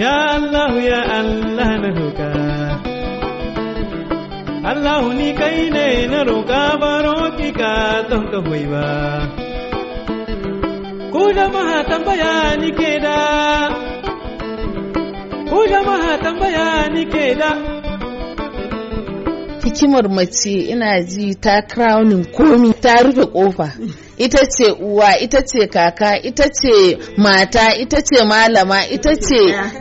Ya Allah ya Allah na roka Allah ni kai ne na roka baro ki ka don ka hoyi ba Ku jama'a tambaya ni ke da Ku maha tambaya ni ke da Hikimar mace ina ji ta crowning komi ta rufe kofa ita ce uwa ita ce kaka ita ce mata ita ce malama ita ce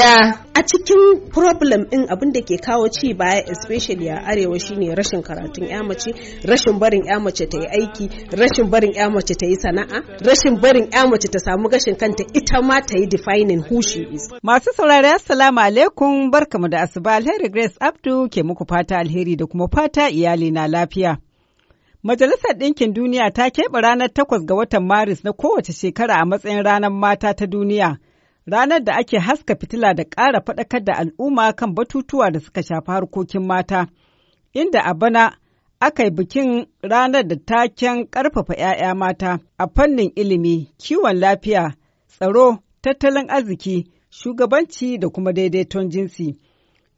ya a cikin problem din abin da ke kawo ci baya especially a arewa shine rashin karatun ya mace rashin barin ya mace ta yi aiki rashin barin ya mace ta yi sana'a rashin barin ya mace ta samu gashin kanta ita ma ta yi defining who she is masu saurari assalamu alaikum barkamu da asuba alheri grace abdu ke muku fata alheri da kuma fata iyali na lafiya Majalisar Ɗinkin Duniya ta keɓe ranar takwas ga watan Maris na kowace shekara a matsayin ranar mata ta duniya, ranar da ake haska fitila da ƙara faɗakar da al'umma kan batutuwa da suka shafi harkokin mata, inda a bana aka yi bikin ranar da taken ƙarfafa ‘ya'ya mata a fannin ilimi, kiwon lafiya, tsaro, tattalin arziki, shugabanci da kuma daidaiton jinsi.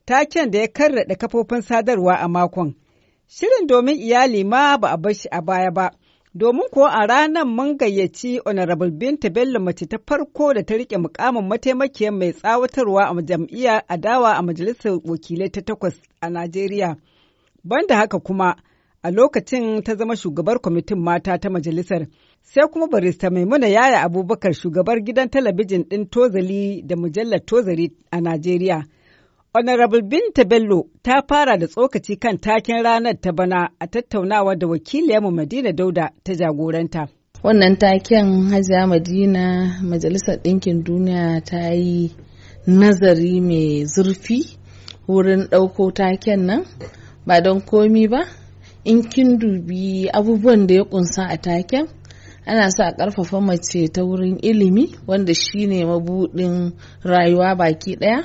Taken da ya karraɗe kafofin sadarwa a makon. Shirin domin iyali ma ba a bashi a baya ba, domin ko a ranar mun gayyaci Honorable Binta Bello mace ta farko da ta rike mukamin mataimakiyar mai tsawatarwa a jam'iyyar adawa a majalisar wakilai ta takwas a Najeriya. Banda haka kuma, a lokacin ta zama shugabar kwamitin mata ta majalisar. Sai kuma barista Maimuna Yaya Abubakar shugabar gidan talabijin ɗin Tozali da mujallar Tozali a Najeriya. Honorable Binta Bello ta fara da tsokaci kan taken ranar ta bana a tattaunawa da wakiliyarmu Madina Dauda ta jagoranta. Wannan taken Hajiya Madina Majalisar Ɗinkin Duniya ta yi nazari mai zurfi wurin ɗauko taken nan ba don komi ba, in kin dubi abubuwan da ya kunsa a taken. ana sa karfafa mace ta wurin ilimi wanda shine mabudin rayuwa baki daya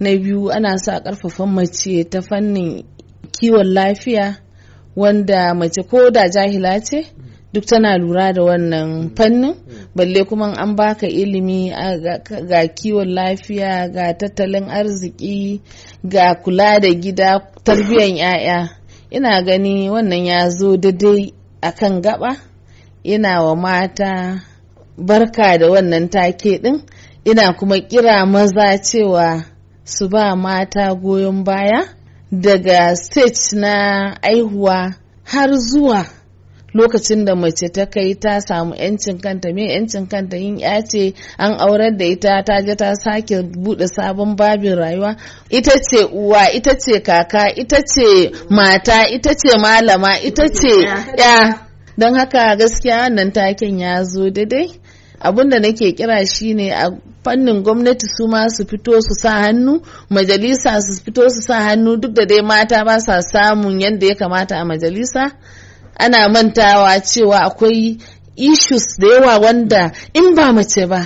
na biyu ana sa karfafa mace ta fannin kiwon lafiya wanda mace ko da jahila ce duk tana lura da wannan mm. fannin mm. balle kuma an baka ilimi ga kiwon lafiya ga tattalin arziki ga kula da gida tarbiyyar 'ya'ya ina gani wannan ya zo daidai a kan gaba ina wa mata barka da wannan take din ina kuma kira maza cewa su ba mata goyon baya daga stage na aihuwa har zuwa lokacin da mace ta kai ta samu yancin kanta me yancin kanta yin ya ce an aurar da ita ta je ta sake bude sabon babin rayuwa ita ce uwa ita ce kaka ita ce mata ita ce malama ita ce ya don haka gaskiya wannan taken ya zo daidai abin da nake kira shine a fannin gwamnati su ma su fito su sa hannu majalisa su fito su sa hannu duk da dai mata ba sa samun yadda ya kamata a majalisa ana mantawa cewa akwai issues da yawa wanda in ba mace ba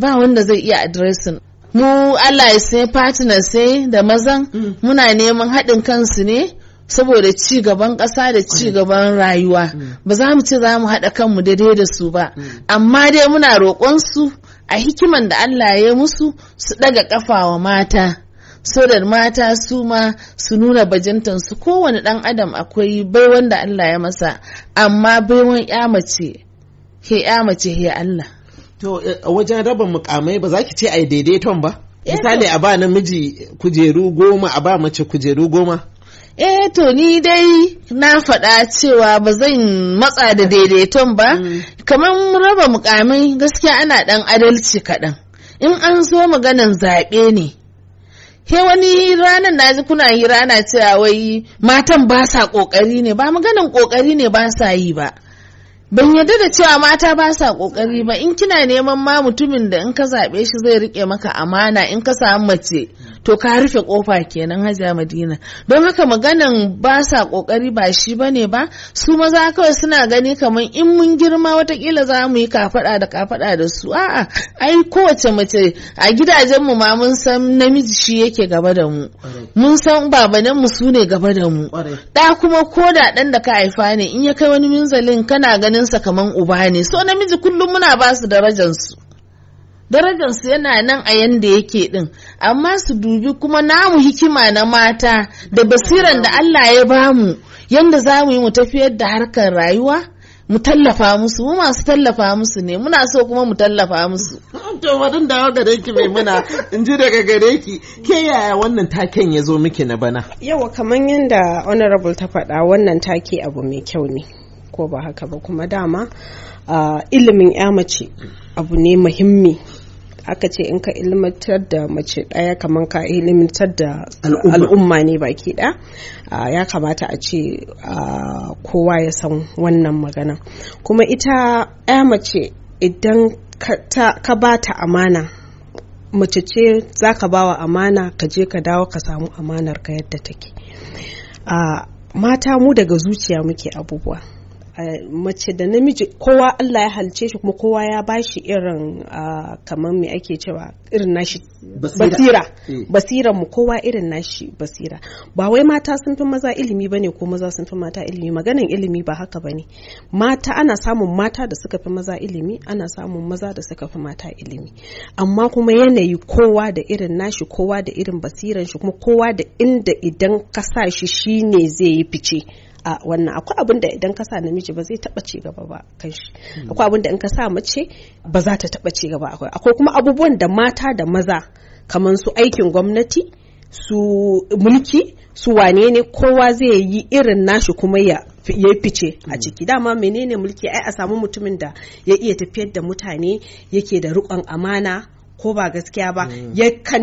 ba wanda zai iya addressing mu Allah ya sai partners sai da mazan mm. muna neman haɗin kansu ne saboda ci gaban ƙasa da ci gaban rayuwa mm. ba za mu ce za mu haɗa kanmu daidai da su ba mm. amma dai muna roƙon su a hikiman da Allah ya musu su ɗaga ƙafa wa mata so mata su ma su nuna bajintan su kowane ɗan adam akwai bai wanda Allah ya masa amma baiwan ya mace he ya mace he Allah to e, wajen raba mukamai ba za ki ce ai daidaiton ba eh, misali a ba namiji kujeru goma a ba mace kujeru goma eh to ni dai na faɗa cewa ba zan matsa da daidaiton ba mm. kamar raba mukamin gaskiya ana ɗan adalci kaɗan in an zo maganan zaɓe ne he wani ranar na ji kuna yi rana cewa wai matan ba sa ƙoƙari ne ba maganan ƙoƙari ne ba sa yi ba ban yarda da cewa mata ba sa ƙoƙari ba in kina neman ma mutumin da in ka zaɓe shi zai riƙe maka amana in ka samu mace to ka rufe kofa kenan hajiya madina don haka maganan ba sa kokari ba shi bane ba su maza kawai suna gani kamar in mun girma watakila za mu yi kafada da kafada da su a'a ai kowace mace a gidajen mu ma mun san namiji shi yake gaba da mu mun san babanen mu su ne gaba da mu da kuma koda dan da ka haifa ne in ya kai wani minzalin kana ganin sa kaman uba ne so namiji kullum muna ba su darajar su darajarsu yana nan a yanda yake din amma su dubi kuma namu hikima na mata da basiran da Allah ya bamu yanda za mu yi mu tafiyar da harkar rayuwa mu tallafa musu mu masu tallafa musu ne muna so kuma mu tallafa musu to wadin dawo gare ki mai muna in ji daga gare ki ke yaya wannan taken ya zo miki na bana yawa kamar yadda honorable ta faɗa wannan take abu mai kyau ne ko ba haka ba kuma dama ah, ilimin ya mace abu ne muhimmi aka ce in ka ilmantar da mace ɗaya kamar ka ilmantar da al'umma ne baki ɗaya ya kamata a ce kowa ya san wannan magana kuma ita ɗaya mace idan ka ba ta amana mace ce za ka ba wa amana ka je ka dawo ka samu amanar ka yadda take mata mu daga zuciya muke abubuwa mace da namiji kowa Allah ya halce shi kuma kowa ya bashi irin kamar me ake cewa irin nashi basira basira eh. mu kowa irin nashi basira ba wai mata sun fi maza ilimi bane ko maza sun fi mata ilimi maganin ilimi ba haka bane mata ana samun mata da suka fi maza ilimi ana samun maza da suka fi mata ilimi amma kuma yanayi kowa da irin nashi kowa da irin basiran shi kuma kowa da inda idan ka sa shi shine zai yi fice a wannan akwai abin da idan ka sa namiji ba zai taba ci gaba ba kan shi hmm. akwai abin da in ka sa mace ba za ta taba ci gaba akwai akwai kuma abubuwan da mata da maza kamar su aikin gwamnati su mulki su wane ne kowa zai yi irin nashi kuma ya ya fice a hmm. ciki dama menene mulki ai a samu mutumin da ya iya tafiyar da mutane yake da rikon amana ko ba gaskiya ba mm.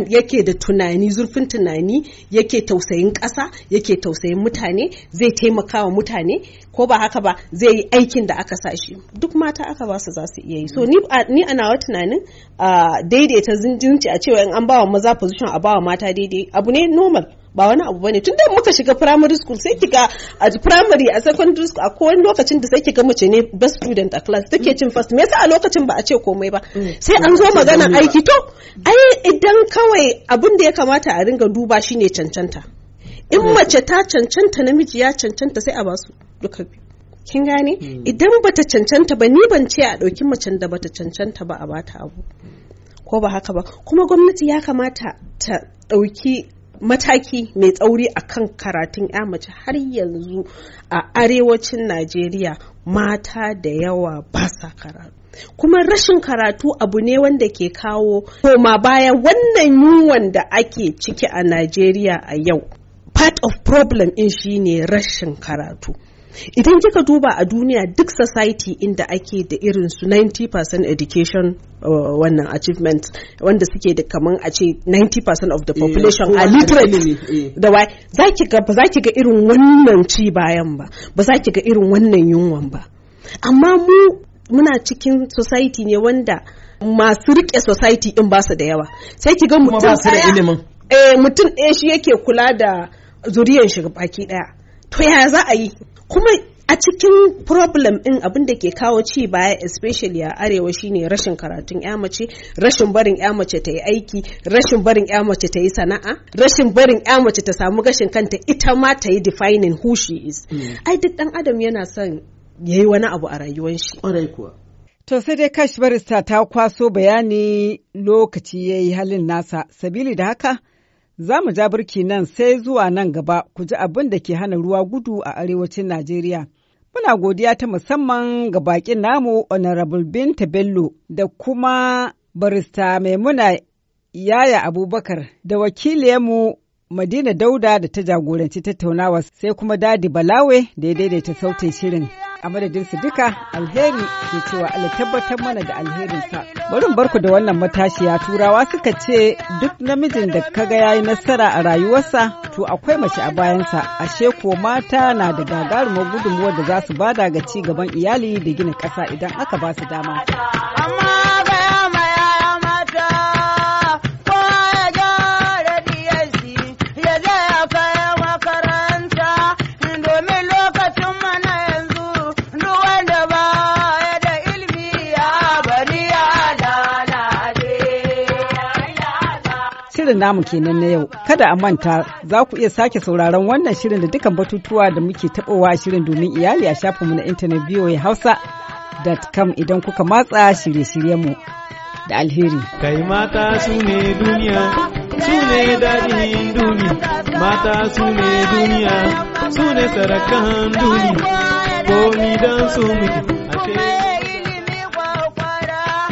yake da tunani zurfin tunani yake tausayin ƙasa yake tausayin mutane zai taimaka wa mutane ko ba haka ba zai yi aikin da aka sashi duk mata aka ba su za su iya yi so ni a nawa tunanin daidaita zinjinci a cewa in an bawa maza position a bawa mata daidai abu ne normal ba wani abu bane tun tunda muka shiga primary school sai kika a primary a secondary school a kowane lokacin da sai kika mace ne best student a class take mm. cin first me yasa a lokacin ba a ce komai ba mm. sai an zo mm. magana aiki to ai idan kawai abin da ya kamata a ringa duba shine cancanta in mace ta cancanta namiji ya cancanta sai a basu duka biyu kin gane idan bata cancanta ba ni ban ce a ɗauki macen da bata cancanta ba a bata abu ko ba haka ba kuma gwamnati ya kamata ta ɗauki mataki mai tsauri a kan karatun ya mace har yanzu a arewacin najeriya mata da yawa ba sa karatu kuma rashin karatu abu ne wanda ke kawo koma baya wannan yunwan da ake ciki a najeriya a yau part of problem in shine rashin karatu idan kika duba a duniya duk society inda ake da irin su 90% education uh, wannan achievement wanda suke da kaman a ce 90% of the eh, population a literally eh. da wai za ki ga ba za ki ga irin wannan ci bayan ba ba za ki ga irin wannan yunwan ba amma mu muna cikin society ne wanda masu rike society in ba su da yawa sai ki ga mutum ɗaya eh mutum ɗaya shi yake kula da zuriyar shi baki ɗaya to ya za a yi kuma a cikin problem din abin da ke kawo ci baya especially a arewa shine rashin karatun ya mace rashin barin ya mace ta yi aiki rashin barin ya mace ta yi sana'a rashin barin ya mace ta samu gashin kanta ita ma ta yi defining who she is mm. ai duk dan adam yana son yayi wani abu a rayuwar shi kuwa To sai dai kash barista ta kwaso bayani lokaci ya yi halin nasa, sabili da haka Za mu ja birki nan sai zuwa nan gaba ku ji abin da ke hana ruwa gudu a arewacin Najeriya. Muna godiya ta musamman ga baƙin namu Honorable Binta Bello da kuma barista Maimuna Yaya Abubakar da wakilinmu Madina Dauda da ta jagoranci tattaunawa sai kuma Dadi Balawe da ya daidaita sautin shirin. a madadin su duka alheri ke cewa Allah tabbatar mana da alherinsa. Barin barku da wannan matashiya turawa suka ce duk namijin da kaga yayi nasara a rayuwarsa to akwai mace a bayansa ashe ko mata na da gagarumar gudunmuwar da za su bada ga ci gaban iyali da gina ƙasa idan aka ba su dama. shirin namu kenan na yau. Kada a manta za ku iya sake sauraron wannan shirin da dukkan batutuwa da muke taɓowa shirin domin iyali a shafinmu na intanet ya hausa.com idan kuka matsa shirye mu da alheri. Kai mata su ne duniya, su ne daɗin duni mata su ne duniya, su ne sarakan duniya, komi dan su muke.